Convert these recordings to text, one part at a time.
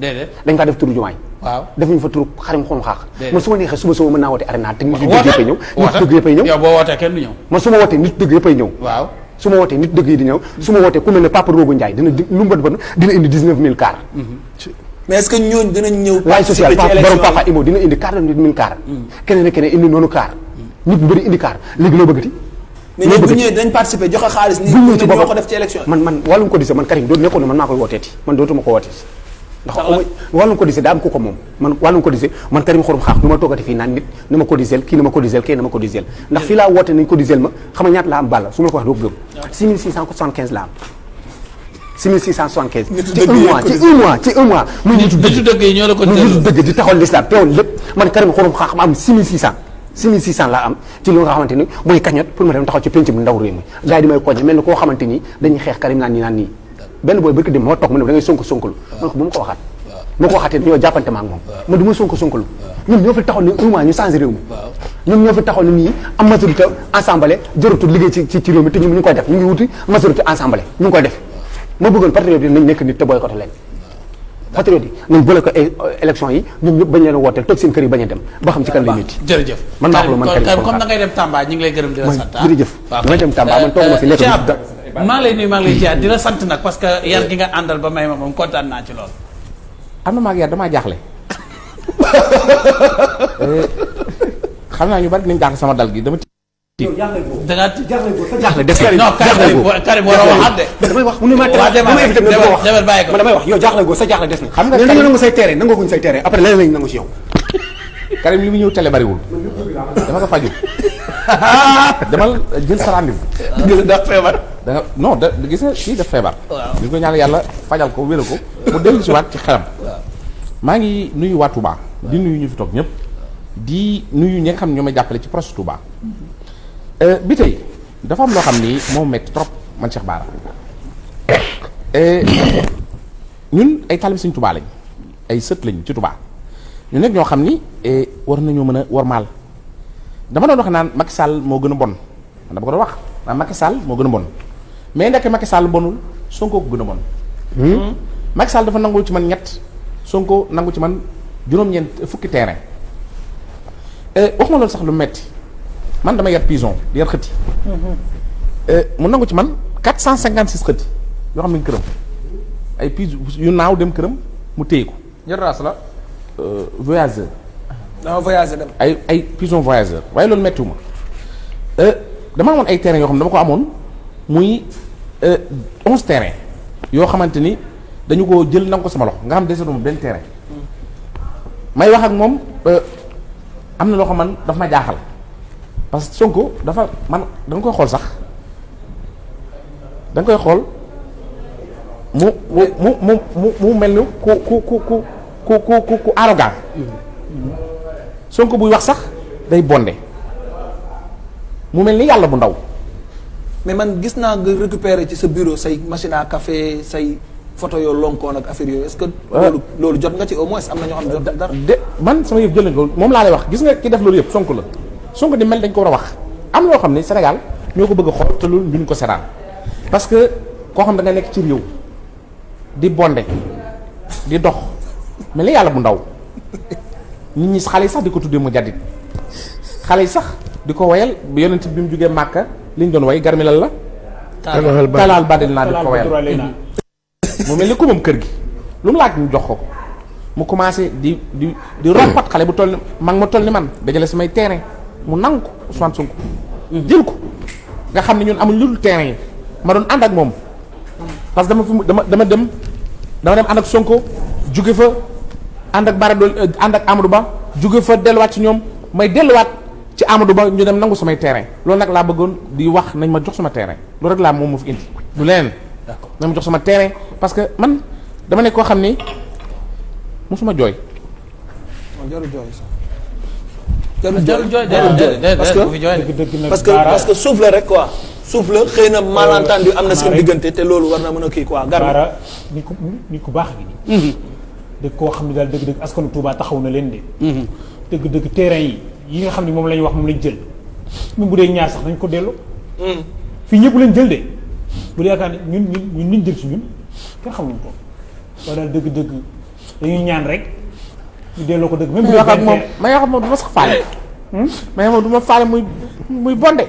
dañ faa def turu jumaay waaw ñu fa turu xarim xom xaax man su neexee suba suba mën naa woote arena te nit dëgg yëppay ñëw nit dëgg yëppay ñëw yow boo ku mel ne Papa Rogo Ndiaye dina lu mu bon dina indi 19000 car mm-hmm. mais est-ce que ñooñu dinañ ñëw laaj social borom Papa Imo dina indi 49000 car mm. mm. participer ko def ci élection man man wàllum ko dise man Karim doon nekkoon man maa koy wooteeti man dootuma ko wooteeti ndax wàllum cotiser daa am ku ko moom man wàllum cotiser man Karim Xurum Xaax du ma toogati fii naan nit na ma cotiser kii na ma cotiser kii na ma cotiser ndax fii laa woote nañ cotiser ma xam nga laa am balla su ma ko wax doo gëm 6675 laa am 6675 ci un mois ci un mois ci un mois muy nitu dëgg dëgg di taxawal lislaam teewoon lépp man Karim Xurum Xaax ma am 6600 6600 laa am ci li nga xamante ni mooy kañot pour ma dem taxaw ci penc benn booy barki dem moo toog mu ne da ngay sonk sonklu man ko bu ma ko waxaat ma ko waxaatee dañoo jàppante ma ak man du ma fi taxaw ne un mois ñu changé réew mi ñun ñoo fi nekk nit te boycotté leen ko élection yi ñoom ñëpp bañ leen wooteel toog seen kër a dem ba ah, man maa ko man comme di la sant ah. maa ngi lay nuyu maa ngi lay ziar di la sant parce que yar gi nga àndal ba may ma moom kontaan naa ma ak damaa jaaxle. xam naa ñu bari nañ jaaxle sama dal gi dama. da ngaa jaaxle boobu def non Karim a waxaat de. damay wax mu ne ma damay wax damay wax yow jaaxle boobu sa jaaxle des na. xam nga Karim dañoo nangu say teere nangaguñ say teere après leneen lañ nangu si yow. Karim li mu ñëw télé bariwul. dama ko faju. dama jël sa rendez-vous. ndax feebar. da nga da gis nga kii def feebar. waaw ñu ko ñaan yàlla fajal ko wéral ko. mu dellu si waat ci xelam. maa ngi nuyu waa Touba. di nuyu ñu fi toog ñëpp. di nuyu ñi xam ñoo ma jàppale ci projet Touba. Mm-hmm. Euh, bi tey loo xam ni moo metti trop man Cheikh Bara. Euh, ñun ay talib Sëñ Touba lañ ay sët lañ ci Touba ñu nekk ñoo xam ni euh, war nañoo mën a war maal dama doon wax naan Macky Sall moo gën a bon man dama ko doon wax naan Macky Sall moo gën a bon. mais ndekk Macky Sall bonul Sonko ko a bon. Hmm? Macky dafa nangoo ci man ñett Sonko nangu ci man juróom-ñeent fukki terrain eh, wax ma loolu sax lu metti man dama yar pison di yar xëti. Hmm. Eh, mu nangu ci man 456 xëti yoo xam ne këram ay pis yu naaw dem këram mu téye ko. a raas la. Euh, voyageur. dama ah, voyageur dem. ay ay pison voyageur waaye loolu méttiwu ma eh, dama amoon ay terrain yoo xam ne dama ko amoon muy. Euh, onze terrain yoo xamante ni dañu ko jël nangu ko sama loxo nga xam ne desetuma benn terrain may wax ak moom euh, am na loo xam man dafa ma jaaxal parce que Sonko dafa man da koy xool sax danga koy xool mu mu mu mu mu mel ni ku ku ku ku ku ku ku Sonko buy wax sax day bonde mu mel ni yàlla bu ndaw. mais man gis naa nga récupérer ci sa bureau say machine à café say foto yoo lonkoon ak affaire yooyu est-ce que. loolu jot nga ci au moins am na ñoo xam ne jot dara. de man sama yëf ko moom laa wax gis nga ki def loolu yëpp Sonko la Sonko ni mel dañ ko war a wax am loo xam ne Sénégal ñoo ko bëgg a xool te loolu duñ ko seetaan parce que koo xam da nga nekk ci réew di bondé di dox mel ni yàlla bu ndaw nit ñi xale yi sax di ko tuddee mu jàddit xale yi sax di ko woyal yonent bi mu jógee Màkka. li doon way garmi la la. talaal badil naa di ko wayal mu mel ni ku moom kër gi lu mu laaj ñu jox ko ko mu commencé di di di roppat xale bu toll ni mag ma toll ni man dajale samay terrain mu nangu ko mm-hmm. jël ko nga xam ne ñun amuñ lu dul terrain ma doon ànd ak moom mm-hmm. parce que dama fi dama dem dama dem ànd ak Sonko jóge fa ànd ak Bara Dolly euh, ànd ak Amadou Ba jóge fa delluwaat ci ñoom may delluwaat ci Amadou Ba ñu dem nangu samay terrain loolu nag laa bëggoon di wax nañ ma jox sama terrain loolu rek laa moom mu fi indi du leneen. d'accord nañ ma jox sama terrain parce que man dama ne koo xam ni mosuma jooy. jarul jooy sax. jarul jooy parce que parce que parce que suuf la rek quoi. suuf la xëy na malentendu am na si diggante te loolu war naa mën a kii quoi. garab ni ku ni ku baax gi. Mhm. dëgg koo xam ne daal dëgg-dëgg askanu Touba taxaw na leen de. Mhm. dëgg-dëgg terrain yi. yi nga xam ne moom lañu wax moom lañ jël même bu dee ñaar sax dañ ko dellu hmm. fii ñëpp lañ jël de bu dee yaakaar ñun ñun ñun liñ jël si ñun kenn xamuñ ko waaye daal dëgg-dëgg dañuy ñaan rek ñu delloo ko dëgg. même bu dee benn moom ma yoo xam moom du ma sax faale. Hmm? ma yoo xam muy bonde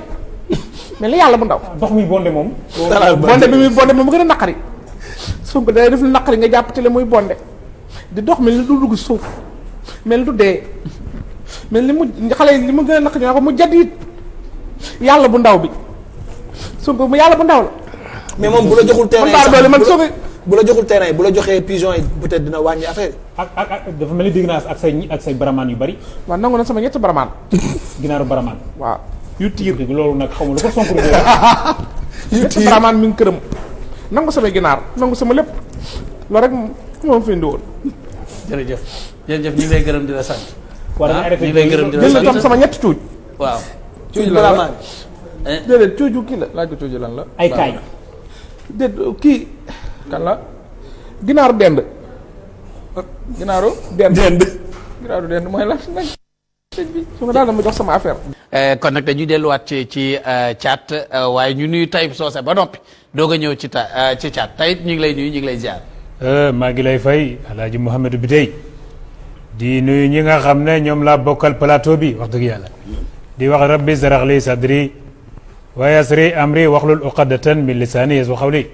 mais la yàlla bu ndaw. ndox muy bonde moom. moom mu gën a naqari. suuf ko day def lu nga jàpp te le muy bonde di dox mel ni suuf du dee. mais li mu xale yi li mu gën a naq ñu ko mu jaddiit yàlla bu ndaw bi Sonko mu yàlla bu ndaw la. mais moom bu la joxul terrain man man Sonko bu la joxul terrain bu la joxee pigeon yi peut-être dina wàññi affaire ak ak ak dafa mel ni dégg naa ak say baramaan yu bari. waaw nangu na sama ñetti baramaan. ginaaru baramaan. waaw yu tiir loolu nag xamul lu ko Sonko yu tiir ñetti baramaan mi ngi këram. nangu sama ginaar nangu sama lépp loolu rek moom fi indi woon. jërëjëf jërëjëf ñu ngi lay gërëm di la sant. war ah, na arrêté jël tam sama ñetti tuuj. waaw tuuj eh? lan la. ay kaay déet kii. kan la ginaaru dend. ginaaru dend dend. ginaaru dend mooy lan nag. su nga daal dama jox sama affaire. Eh, kon nag dañuy delluwaat ci ci eh, caat waaye ñu nuyu Taïb Socé ba noppi doo a ñëw ci ta ci caat ñu ngi lay nuyu ñu ngi lay ziar. maa ngi lay fay El Hadj Mouhamadou Biteye. di nuyu ñi nga xam ne ñoom laa bokkal plateau bi wax dëgg yàlla di wax rabbi sarax li sadri wa yasri amri waxlul uqadatan min lisaani yesu xawli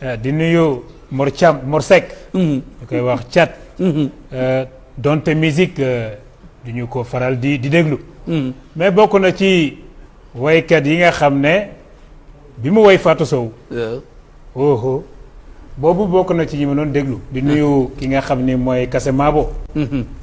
eh, di nuyu Mor Thiam Mor Seck mm-hmm. ñu koy wax cat mm-hmm. eh, donte musique eh, du ñu ko faral di di déglu mm-hmm. mais bokk na ci waykat yi nga xam ne bi mu woy Fatou boobu bokk na ci ñi ma doon déglu. di nuyu ki nga xam ni mooy Kase Maabo.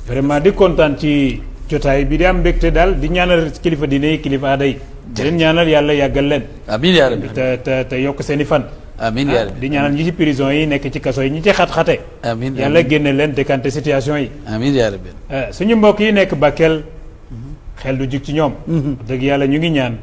vraiment di kontaan ci jotaay bi di am mbégte daal di ñaanal kilifa diine yi kilifa aada yi. leen ñaanal yàlla yàggal leen. amiin te te yokk seen i fan. Ah, di ñaanal ñi ci prison yi nekk ci kaso yi ñi ci xat-xate. amiin yàlla génne leen décanté situation yi. amiin yaa eh, suñu mbokk yi nekk Bakel. xel du jug ci ñoom. Mhm. dëgg yàlla ñu ngi ñaan.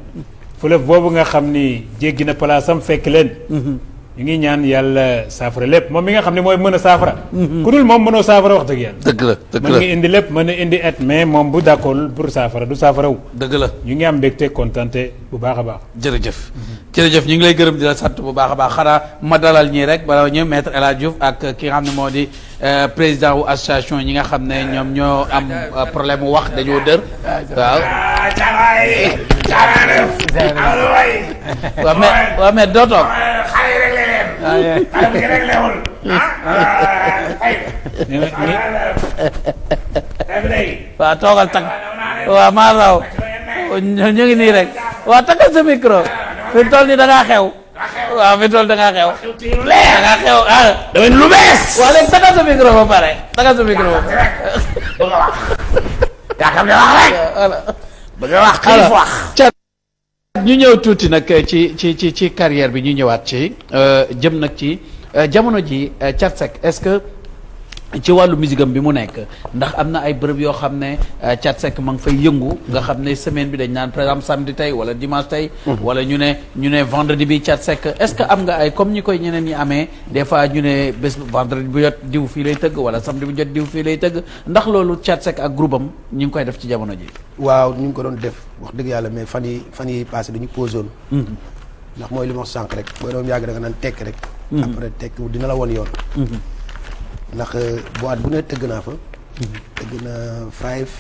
fu la boobu nga xam ni jéggi na palaasam fekk leen. Mhm. ñu ngi ñaan yàlla saafara lépp moom mi nga xam ne mooy mën a saafara. Mm-hmm. ku dul moom mënoo saafara wax dëgg dëgg la dëgg la indi lépp mën na indi et mais moom bu d'accord pour saafara du saafara dëgg la ñu ngi am mbégte kontante bu baax a baax. jërëjëf jërëjëf ñu ngi lay gërëm di la sant bu baax a baax xanaa ma dalal ñii rek balaa ñëw maître El Hadj Diouf ak ki nga xam ne moo di. Euh, président wu association ñi nga xam ne ñoom ñoo am euh, problème mu wax dañoo dër waaw. waaw mais waaw mais doo toog. waaw toogal tag waaw maa raw ñu ngi rek waaw tagal sa micro fi mu toll xew. waaw fi tool da ngaa xew. da ngaa xew ah. damay lu bees. waaw léegi takkal sa micro ba pare. takkal sa micro ba pare. yaa xam wax rek. bëgg ñu ñëw tuuti nag eh, ci ci ci ci carrière bi ñu ñëwaat ci euh, jëm nag ci euh, jamono ji euh, Thiat Seck est-ce que. ci wàllu musique am bi mu nekk ndax am na ay bërëb yoo xam ne euh, Thiat Seck ma ngi fay yëngu nga xam ne semaine bi dañ naan par exemple samedi tey wala dimanche tey mhm. wala ñu ne ñu ne vendredi bi Thiat Seck est-ce que am nga ay comme ñi koy ñeneen ñi amee des fois ñu ne bés vendredi bu jot diw fii lay tëgg wala samedi bu jot diw fii lay tëgg ndax loolu Thiat Seck ak groupe am ñu ngi koy def ci jamono ji waaw ñu ngi ko doon def wax dëgg yàlla mais fan yi fan yi passé dañu posé woon mhm. ndax mooy li ma sànq rek booy doon yàgg da nga naan tekk rek mhm. après tekk dina la woon yoon ndax eh, bu at bu ne tëgg naa fa. Mhm. tëgg na Five.